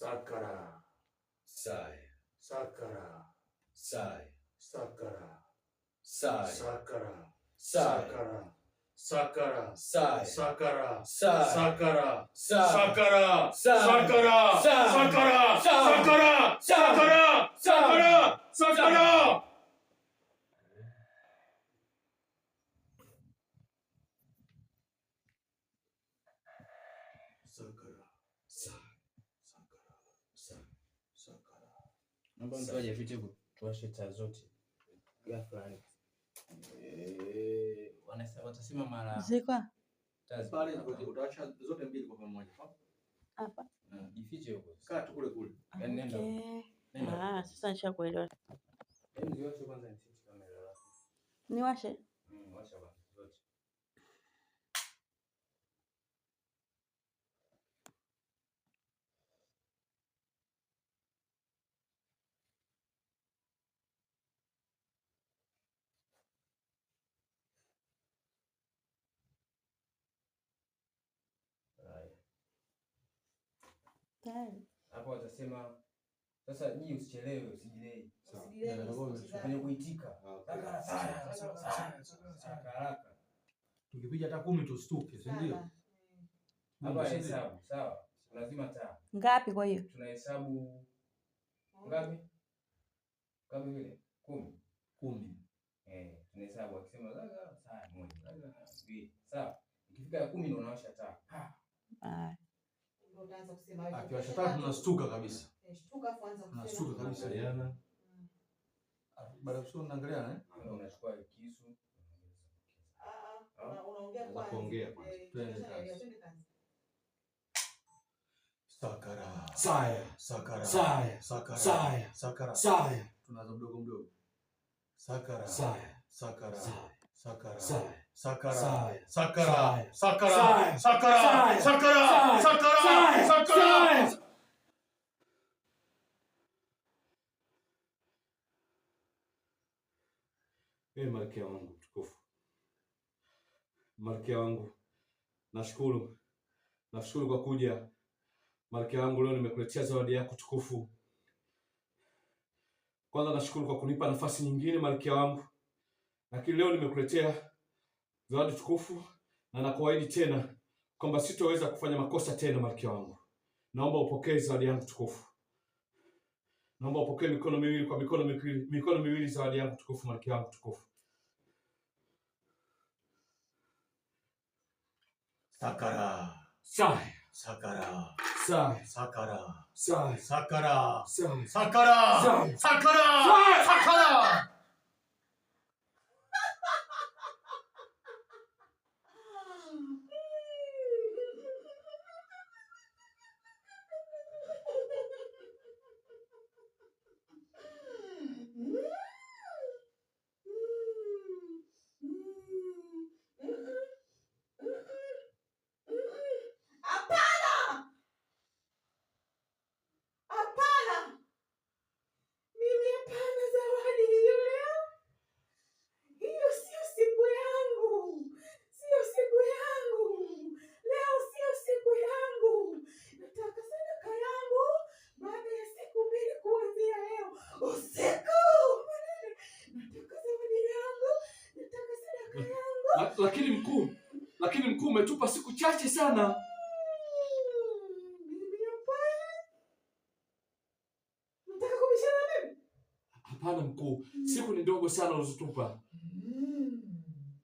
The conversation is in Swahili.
Sakara. Sai. Sakara. Sai. Sakara. Sai. Sakara. Sai. Sakara. Sakara. Sai. Sakara. Sai. Sakara. Sai. Sakara. Sai. Sakara. Sai. Sakara. Sakara. Sakara. Sakara. Sakara. Sakara. Sai. Naomba mtu ajifiche kutoa taa zote. Ghafla eh, watasema mara zikwa pale utaacha zote mbili kwa pamoja hapa, jifiche huko, kaa tu kule kule, Yaani nenda. Ah, sasa nishakuelewa. Yaani Niwashe. Niwashe mm, bwana. Hapo watasema sasa, ji usichelewe, usijilei kwenye kuitika ah, haraka. Tukipiga hata kumi tustuke, si ndio? Hapa hesabu sawa, lazima taa ngapi? Kwa hiyo tunahesabu ngapi? Kama vile kumi kumi, eh, tunahesabu akisema sawa. Ikifika ya kumi ndio unawasha taa anaanza kusema hivyo. Akiwasha taa kabisa. Tunashtuka eh, afu anza kusema. Tunashtuka kabisa yana. Ah, baada kusoma naangalia eh? Unachukua kisu. Ah, ah unaongea eh, kwanza. Sakara. Saya. Sakara. Saya. Sakara. Saya. Sakara. Saya. Tunaanza mdogo mdogo. Sakara. Saya. Sakara. Saya. Sakara. Saya. Malkia wangu mtukufu, Malkia wangu nashukuru, nashukuru kwa kuja Malkia wangu. Leo nimekuletea zawadi yako tukufu. Kwanza nashukuru kwa kunipa nafasi nyingine Malkia wangu, lakini leo nimekuletea zawadi tukufu, na nakuahidi tena kwamba sitoweza kufanya makosa tena, malkia wangu. Naomba upokee zawadi yangu tukufu, naomba upokee mikono miwili kwa mikono miwili, mikono miwili zawadi yangu tukufu, malkia wangu tukufu. Sakara. Sai. Sakara. Sai. Sakara. Sai. Sakara. Sai. Sakara. Sai. Sakara. Sai. Sakara. Sai. Sakara. Ah, lakini mkuu, lakini mkuu, umetupa siku chache sana Hapana mkuu, siku ni ndogo sana ulizotupa. Hmm.